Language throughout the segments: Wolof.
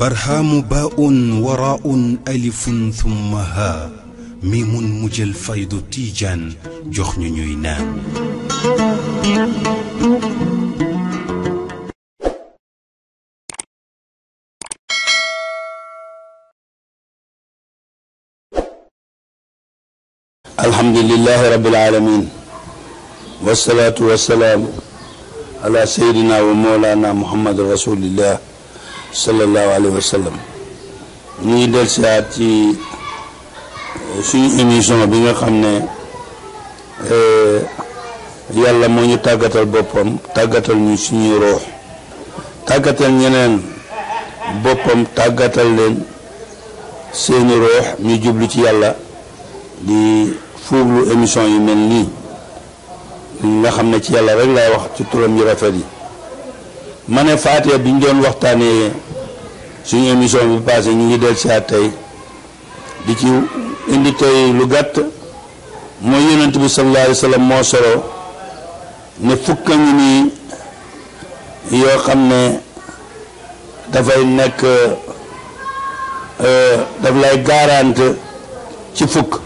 برهام باء وراء ألف ثم ها ميم مجل فيض تيجان جخن نينان الحمد لله رب العالمين والصلاة والسلام على سيدنا ومولانا محمد رسول الله sallallahu alayhi wa sallam ñu ngi del siaat ci eh, suñu émission bi nga xam ne eh, yàlla moo ñu tàggatal boppam tàggatal ñu suñuy roox tàggatal ñeneen boppam tàggatal leen seeni roox ñu jublu ci yàlla di fuuglu émission yi mel nii nga xam ne ci yàlla rek laay wax ci turam yu rafet yi ma ne faatiha bi ñu doon waxtaanee suñu émission bi passé ñu ngi del siaat tey di ci indi tey lu gàtt mooy yonent bi sallallahu alayhi wa moo solo ne fukk ni ngi nii yoo xam ne dafay nekk euh, daf lay garante ci fukk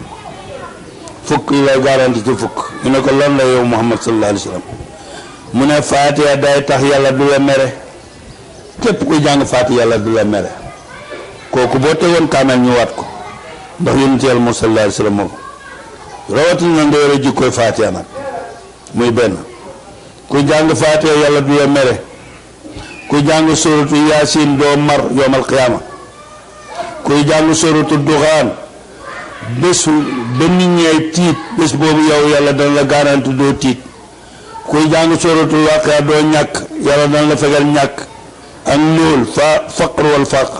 fukk yi lay garante ci fukk ñu ne ko loolu yow Muhammad sallallahu alayhi wa sallam mu ne faatiha day tax yàlla du la mere képp kuy jàng faati yàlla du la mere kooku boo tegoon kaamel ñu waat ko ndax yonent yàlla moom sallallahu alayhi wa sallam rawatina nga yore jikkooy faatiha nag muy benn kuy jàng faatiha yàlla du la mere kuy jàng sóoratu yaasin doo mar yoomal qiyaama kuy jàng sóoratu duxaan bésu ba nit ñeey tiit bés boobu yow yàlla dana la garanti doo tiit kuy jàng sóoratu waaqiya doo ñàkk yàlla dana la fegal ñàkk annool fa faqr wal faq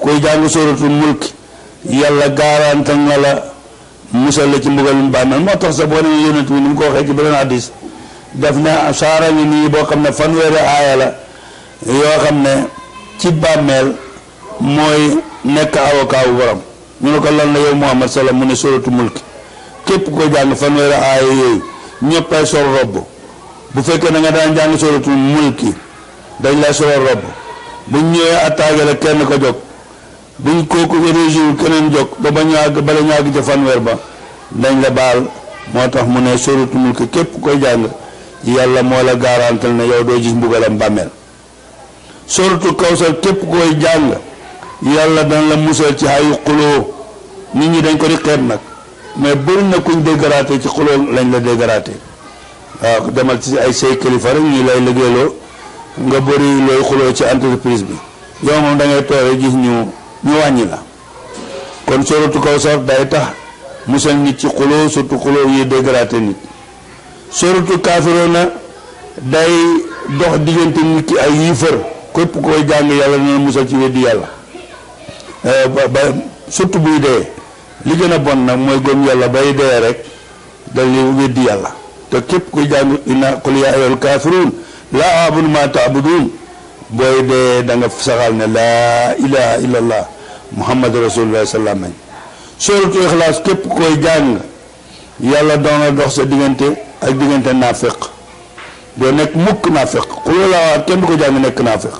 koy jàng suratul mulk yàlla gaaranta na la musal la ci mbugalum bàmmeel moo tax sax boo demee yonent ni mu ko waxee ci beneen hadis daf ne saara ngi nii boo xam ne fanweeri aaya la yoo xam ne ci bàmmeel mooy nekk avocat bu borom ñu ne ko lan la yow Muhammad salaam mu ne suratul mulk képp ko jàng fanweeri aaya yooyu ñëppay sol robb bu fekkee na nga daan jàng suratul mulki dañ la solal robb buñ ñëwee attaqué la kenn ko jóg buñ ko région keneen jóg ba ba ñu àgg bala ñu àgg ba dañ la baal moo tax mu ne sóoratu mulk képp koy jàng yàlla moo la garantal ne yow doo bàmmeel sóoratu kawsar képp koy jàng yàlla dana la musal ci ayu xuloo nit ñi dañ ko di xeet nag mais bëri na kuñ déggaraate ci xuloo lañ la déggaraate waaw demal ci ay say kilifa rek ñu lay liggéeyloo nga bari loy xulo ci entreprise bi yow mom da ngay toore gis ñu ñu wañi la kon sorotu kaw sar day tax musal nit ci xuloo surtout xulo yi dégraté nit kafiro kafirona day dox digënté nit ki ay yifër képp koy jàng yalla dana musal ci yalla euh ba surtout buy dé li gëna bon nak moy gëm yalla bay dé rek dañuy weddi yalla te képp jàng ina qul ya ayyul kafirun laa abudu ma taabudun booy dee da nga saxal ne laa ilaha illallah muhammad rasulullah salaam añ sóoratu ixlaas képp koy jàng yàlla doona dox sa diggante ak diggante naafiq doo nekk mukk naafiq xuloo laa waat ko jàng nekk naafiq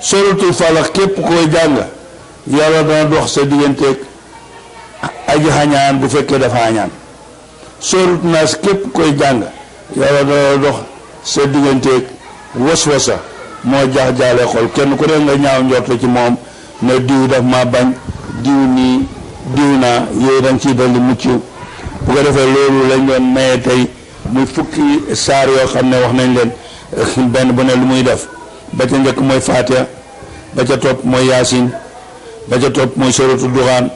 sóoratul falax képp koy jàng yàlla doona dox sa diggante aji xañaan bu fekkee dafa xañaan sóoratu naas képp koy jàng yàlla doona dox sa digganteeg waswasa moo jax-jaale xol kenn ku ne nga ñaaw njort ci moom ne diw daf ma bañ diw nii diw naa yooyu da ci ciy dolli mucc bu defee loolu lañ doon maye tey muy fukki saar yoo xam ne wax nañ leen eh, benn bu ne lu muy def ba ca njëkk mooy Faatiha ba ca topp mooy Yaasin ba ca topp mooy sorotu Duxaan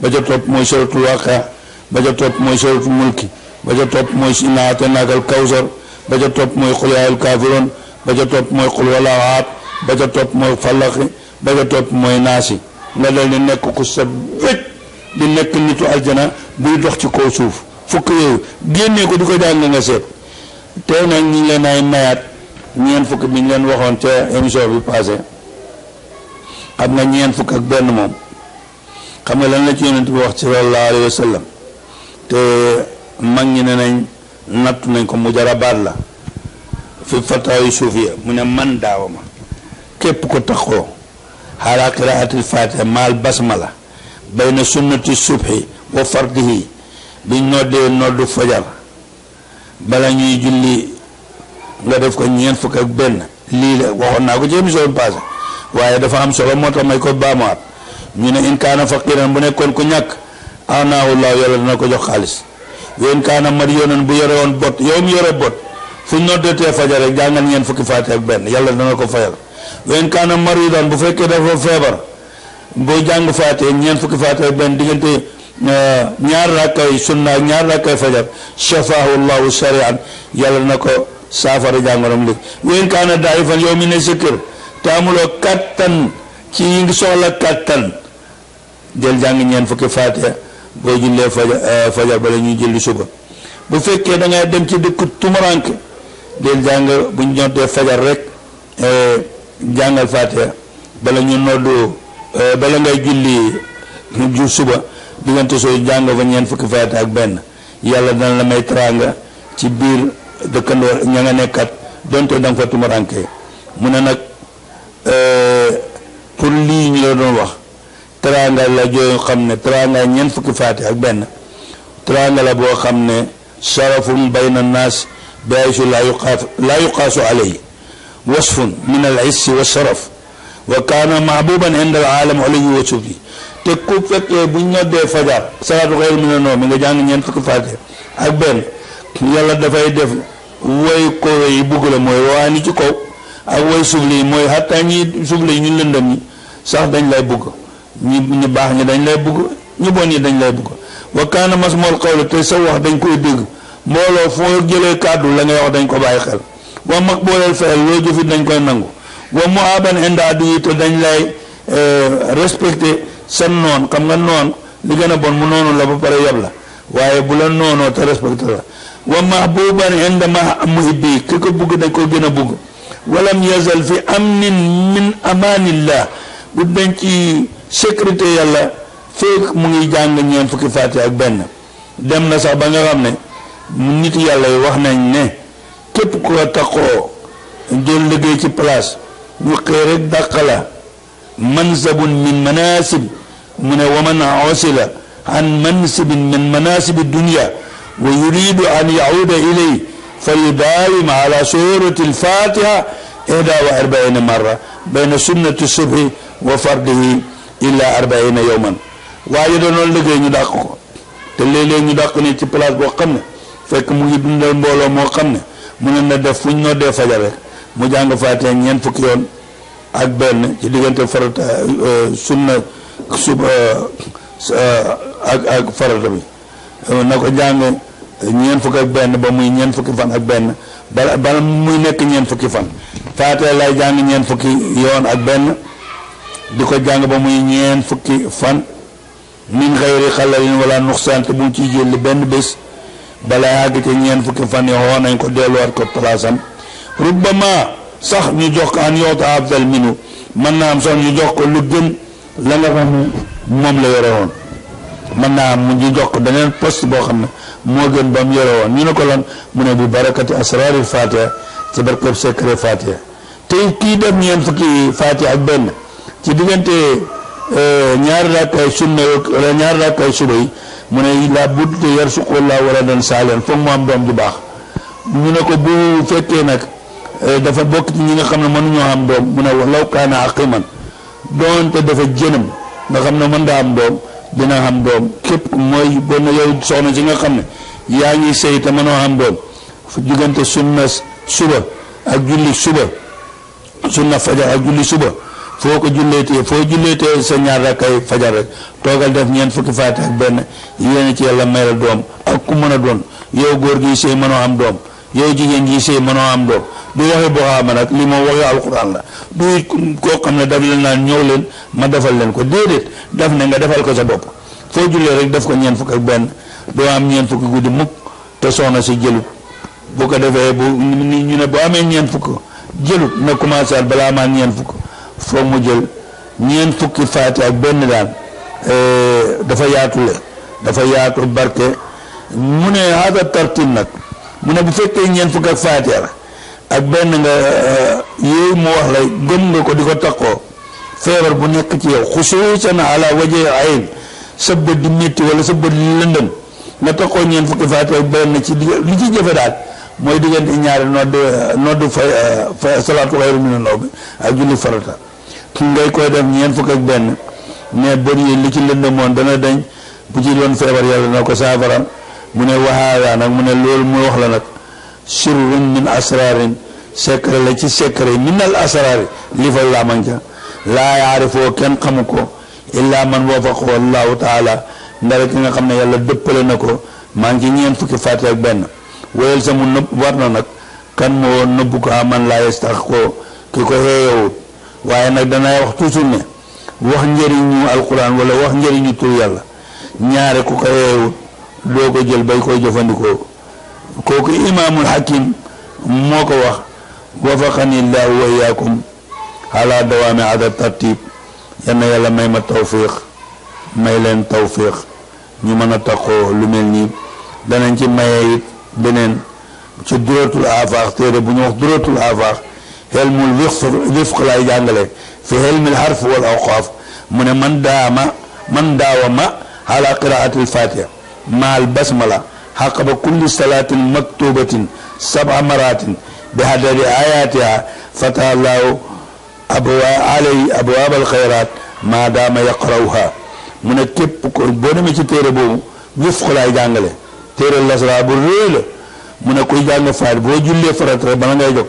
ba ca topp mooy sorotu Waaqia ba ca topp mooy sorotu Mulki ba ca topp mooy innaa a'taynaakal Kawsar ba topp mooy xul yaayul kaafiroon ba topp mooy xul wala waab topp mooy fallaxi ba topp mooy naasi nga dal di nekk ku sa wécc di nekk nitu aljana buy dox ci kaw suuf fukk yooyu génnee ko di ko jàng nga seet te nag ñi leen ay mayaat ñeent fukk bi ñu leen waxoon ca émission bi passé xam nga ñeent fukk ak benn moom xam nga lan la ci yonent bi wax ci sallallahu alayhi wa sallam te mag ñi ne nañ nattu nañ ko mu jarabaat la fi fataayu suufiya mu ne man daawa ma képp ko taxoo xaalaa qiraatil fatiha maal basmala bayna sunnati subhi wa fardihi bi noddee noddu fajar bala ñuy julli nga def ko ñeent fukk ak benn lii la waxoon naa ko ci émission bi passé waaye dafa am solo moo tax may ko baamuwaat ñu ne in kaana faqiran bu nekkoon ko ñàkk awnaahu laahu yàlla dana ko jox xaalis ween kaana madiyoonan bu yore woon bot yow mu yore bot fu ñu noddetee fajar rek jàngal ngeen fukki faate ak benn yàlla dana ko fayal ween kaana maridan bu fekkee dafa feebar boo jàng faate ñeen fukki faate ak benn diggante eh, ñaar rakkay sunna ñaar rakkay fajar shafaahu llahu sarian yàlla na ko saafara jàngoroom li ween kaana daayifan yow mi ne sa kër te amuloo kattan ci yi ngi soxla kattan del jàng ñeen fukki faate boo jullee fajar euh, fajar bala ñuy julli suba bu fekkee dangay dem ci dëkk tumuranke del jàng bu ñu noddee fajar rek euh, jàngal faatiha bala ñu noddu euh, bala ngay julli ju suba diggante soo jàng fa ñeent fukki faatiha ak benn yàlla dana la may teraanga ci biir dëkkandoo ña nga nekkat donte danga fa tumuranke mu ne nag pour lii ñu la doon wax ترانغال لا جو خامن ترانغال نين فك فاتح اك بن ترانغال بو خامن شرف بين الناس بايش لا يقاس لا يقاس عليه وصف من العز والشرف وكان محبوبا عند العالم علي وشوفي تكوك فك بن دي فجر صلاه غير من النوم من جان نين فك فاتح اك بن يلا دا فاي ديف وي كو وي بوغلا موي واني تي كو اك وي سوبلي موي حتى ني سوبلي ني لندم ni sax dañ lay ñi baax ñi dañ lay bugg ñu bon ñi dañ lay bugg wa kaana masmool xawla te sa wax dañ koy dégg mbooloo foo jëlee kàddu la ngay wax dañ ko bàyyi xel wa mag booleel fexel loo jëfit dañ koy nangu wa mu aban inda du yi te dañ lay eh, respecté noon xam nga noon li gën a bon mu noonu la ba pare yab la waaye bu la noonoo te respecté la wa mahbuban inda ma ko bugg dañ ko gën a bugg walam yazal fi amnin min amanillah bu sécurité yàlla feek mu ngi jàng ñeen fukki fàtte ak benn dem na sax ba nga xam ne nit yàlla yi wax nañ ne képp ku la taxoo jël liggéey ci place ñu xëy rek dàq la mansabun min manasib mu ne waman osila an mansibin min manasibi dunia wa yuridu an yauda ilay فيداوم على سورة الفاتحة إحدى وأربعين مرة بين سنة الصبح وفرده illa arbaina yowman waaye danoon liggéey ñu dàq ko te léeg ñu dàq ne ci place boo xam ne fekk mu ngi dundal mbooloo moo xam ne mu ne na def fu ñu noddee fajar rek mu jàng faatee ñeent fukki yoon ak benn ci diggante farata euh, sunna sub euh, ak bi euh, na ko jàng ñeent benn ba muy ñeent fukki fan ak benn bala bala muy nekk ñeent fukki fan faatee lay jàng ñeent fukki yoon ak benn diko jang ba muy ñeen fukki fan min khayri khalalin wala nuksan te bu ci jël ben bes bala yag ci ñeen fukki fan yo nañ ko delu wat ko plasam rubbama sax ñu jox an yota afdal minu man na am sax ñu jox ko lu gën la nga xam mom la yoré won man na am ñu jox ko benen poste bo xamne mo gën bam won ñu ne lan mu ne bi barakati asrar al fatiha ci barkop secret fatiha tay ki def ñeen fukki fatiha ak ci diggante euh, ñaari raakaay sunna wala ñaari raakaay suba yi mu ne laa budd te yar suqal laa wala doon saaleel foog mu am doom ju baax ñu ne ko bu fekkee nag euh, dafa bokk ñi nga xam ne mënuñoo doom mu ne law kaana aqiman doonte dafa jënam nga xam ne mën daa am doom dina am doom képp mooy bon yow soxna si nga xam ne yaa ngi sëy te mënoo am doom diggante sunna suba ak julli suba sunna fajar ak julli suba foo ko julleetee foo te sa ñaar rakkay fajar rek toogal def ñeent fukki faate ak benn yéen ci yàlla may la doom ak ku mën a doon yow góor gi sëy mënoo am doom yow jigéen gi sëy mënoo am doom du waxe boxaama nag li moom waxe alquran la du koo xam ne daf leen naan ñëw leen ma defal leen ko déedéet def ne nga defal ko sa bopp foo jullee rek def ko ñeent fukk ak benn doo am ñeent fukki guddi mukk te soxna si jëlut boo ko defee bu ñu ne bu amee ñeent fukk jëlut na commencé at balaa maa ñeent fukk foo mu jël ñeent fukki faati ak benn daan eh, dafa yaatule dafa yaatu barke mu ne hada tartib nag mu ne bu fekkee ñeent fukk ak faati ak benn nga eh, yooyu mu wax la gëm nga ko di ko takkoo feebar bu nekk ci yow xusuusan ala waje ay sa bët di métti wala sa bët lëndëm nga takkoo ñeent fukki faati ak benn ci li ci jëfe daal mooy diggante ñaar nodd nodd fa salaatu xayru mina naw bi ak julli farata ki ngay koy def ñeent fuk ak ben ne bon yi li ci mon da na dañ bu ci doon febar yalla nako safaram saafara mu ne waxaayaa nag mu ne loolu mu wax la nak sirrun min asraarin secret la ci secret min al asrar li fa la man ja la yaarifoo kenn xamu illa man wafaqoo allahu taala ndara ki nga xamne yalla deppale nako man ci ñeent fuk fàtte ak benn sa samu nëbb war na nag kan moo nëbb ko aman ah, laa yastax ko ki ko xeeyewut waaye nag danay wax toujours ne wax njëriñu alquran walla wax njëriñu tur yàlla ñaare ku ko xeeyewut doo ko jël bay koy jëfandikoo kooku imaamul hakim moo ko wax wafaqani llahu wa iyaakum ala dawaami ada tartib yal na yàlla may ma tawfiq may leen tawfiq ñu mën a taqoo lu mel nii danañ ci maye it beneen ci duratul afaax téere bu ñu wax duratul afaax xelmul wifq lay jàngale fi xelmil harf wal awqaaf mu ne man daama man daawama ala qiraati alfatiha ma al basmala xaqaba kulli salaatin maktubatin saba maratin bi hadari ayatiha fataha llahu alay abwaab alxayraat ma daama yaqrawha mu ne képp ko boo demee ci téere boobu wifq lay jàngale téeral lasra bu rëy la mu ne kuy jàng faat boo jullee farat rek bala ngay jóg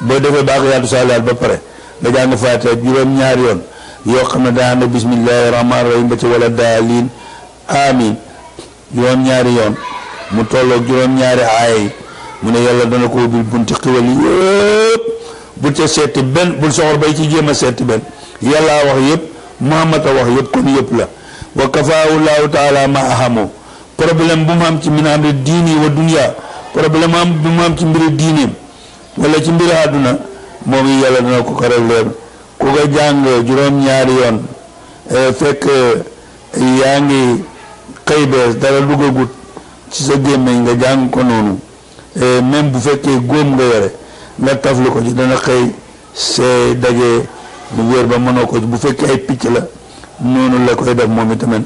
boo defee baax yaatu saalihaat ba pare nga jàng faat juróom ñaari yoon yoo xam ne daa ànd bismillahi rahmaani rahim ba ci wala daaliin amin juróom ñaari yoon mu tolloog juróom ñaari aaya yi mu ne yàlla dana ko ubbil bunti xiwal yëpp bu ca seeti benn bul soxor bay ci jéem a seeti benn yàllaa wax yëpp muhammad a wax yëpp kon yëpp la wa kafaahu llahu taala ma ahamoo problème bu mu am ci min amri diini wa dunya problème am bu mu am ci mbiri diineem wala ci mbiri àdduna moom yi yàlla dana ko ko régleel ku ko jàng juróom-ñaari yoon e, fekk e, yaa ngi xëy bees dara duggagut ci sa gémmiñ nga jàng ko noonu e, même bu fekkee góom nga yore nga taflu ko ci dana xëy see daje bu wér ba mënoo ko bu fekkee ay picc la noonu la koy def moom itamit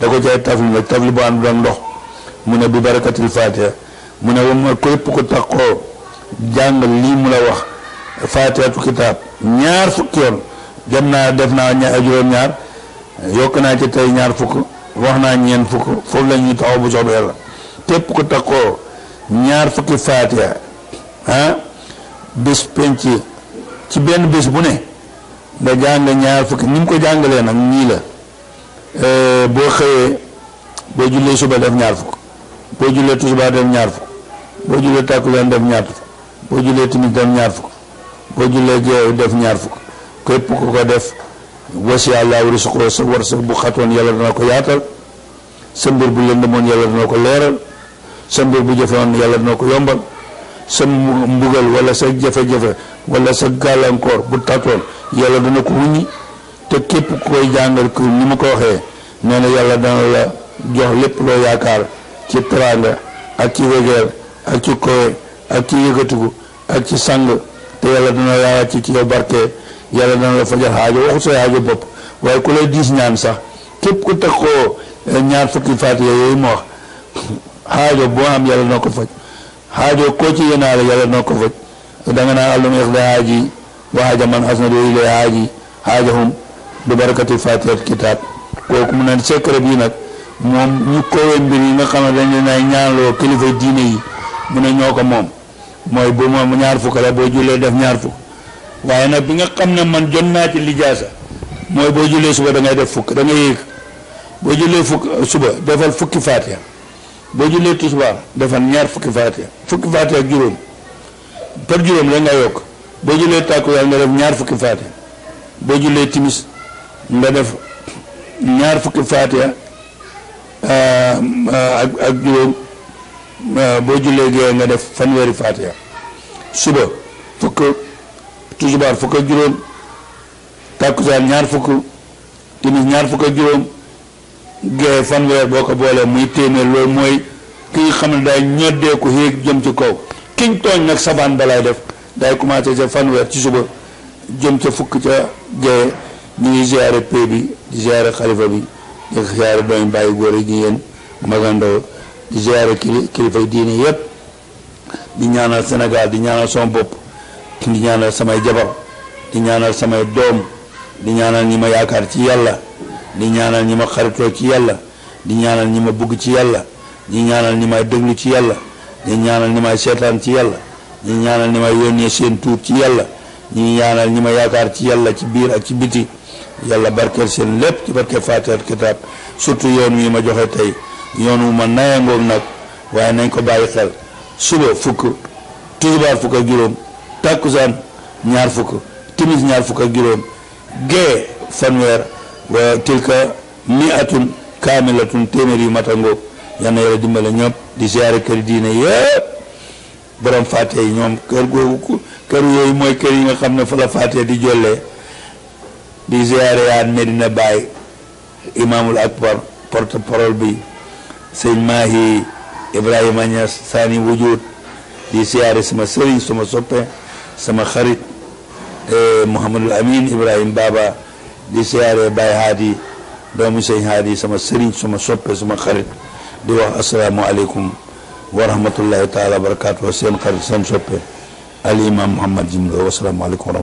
da ko jaay tafli la tafli bu am doon ndox mune bi barakatul fatiha mune wam ko yep ko takko jang li mu la wax kitab ñaar fukir, yon dem naa def naa ñaar juróom ñaar yokk naa ci tay ñaar fuk wax na ñen fuk fo la ñuy taw bu soobee yalla tepp ko takko ñaar fuk fatiha ah bis penci ci benn bis bu ne da jang ñaar fuk nim ko jangale nak la Euh, boo xëyee boo jullee suba def ñaar fukk boo jullee tisbaar def ñaar fukk boo jullee tàkkuleen def ñaar fukk boo jullee timis def ñaar fukk boo jullee geew def ñaar fukk képp ku ko def wasi àllaa risqoo sa wërsëg bu xatoon yàlla dana ko yaatal sa mbir bu lëndëmoon yàlla dana ko leeral sa mbir bu jëfoon yàlla dana ko yombal sa mbugal wala sa jafe-jafe wala sa gàllankoor bu tàttoon yàlla dana ko wuññi te képp ku koy jàngal ku ni ma ko waxee nee yàlla dana la jox lépp loo yaakaar ci teraanga ak ci wegeel ak ci kowe ak ci yëkkatiku ak ci sang te yàlla dana la wàcc ci yow barke yàlla dana la fajal xaajo waxu sa xaajo bopp waaye ku lay diis ñaan sax képp ku teg koo eh, ñaar fukki faatiya yooyu mu wax xaajo boo am yàlla noo ko faj xaajo koo ci yénaale yàlla noo ko faj danga naan àllum ixda xaaji wa xaaja man asnado du barakati fatihat kitab kooku mu naan secret bi nak mom ñu kowe mbir yi nga xam dañ leen ay kilifa diine yi mu ne ñoko ko moy bu mom ñaar fu kala bo jullee def ñaar fu waye nak bi nga xam man ci lijaasa suba da ngay def fuk da ngay bo boo fuk suba defal fukki fatiha boo jullee tisbaar defal ñaar fukki fatiha fukki fatiha juroom par juroom la nga yok bo jullee takku yalla nga def ñaar fukki fatiha bo timis nga def ñaar fukki faatiha euh, euh, ak ak juróom euh, boo jullee gee nga def fanweeri faatiha suba fukk tusubaar fukk ak juróom tàkkusaan ñaar fukk timis ñaar fukk ak juróom gee fanweer boo ko boolee muy téeméer loolu mooy ki nga xam ne day ñoddee ko héeg jëm ci kaw kiñ tooñ nag sabaan balay def daay commencé ca fanweer ci suba jëm ca fukk ca gee ñu ngi ziare pay bi di ziare xalifa bi di ziare doomi bàyyi góor yi jigéen magandoo di ziare kilifa diine yépp di ñaanal Sénégal di ñaanal sama bopp di ñaanal samay jabar di ñaanal samay doom di ñaanal ñi ma yaakaar ci yàlla di ñaanal ñu ma xaritoo ci yàlla di ñaanal ñi ma bugg ci yàlla di ñaanal ñi may déglu ci yàlla di ñaanal ñi may seetaan ci yàlla di ñaanal ñi may yónnee seen tuur ci yàlla di ñaanal ñu ma yaakaar ci yàlla ci biir ak ci biti yàlla barkeel seen lépp ci barke faatihatul kitaab surtout yoon wi ma joxe tey yoon wu ma nayangoom nag waaye nañ ko bàyyi xel suba fukk tisbaar fukk ak juróom tàkkusaan ñaar fukk timis ñaar fukk ak juróom gee fanweer wa tilka miatun kaamilatun téeméer yu matangoo yal na yàlla dimbale ñëpp di siyaare kër diine yëpp borom faate yi ñoom kër googu kër yooyu mooy kër yi nga xam ne fa la faate di jollee di ziare yaa Medina Baye imaamul akbar porte parole bi sëñ Mahi Ibrahima Niass Sani Wujud di ziare sama sëriñ sama soppe sama xarit e, Mouhamadul Amin Ibrahima Baba di ziare Baye Haadi doomu sëñ Haadi sama sëriñ sama soppe sama xarit di wax asalaamualeykum wa rahmatullahi taala wa barakaatu seen xarit seen soppe al imam Mouhamad Jim Lo wa salaamualeykum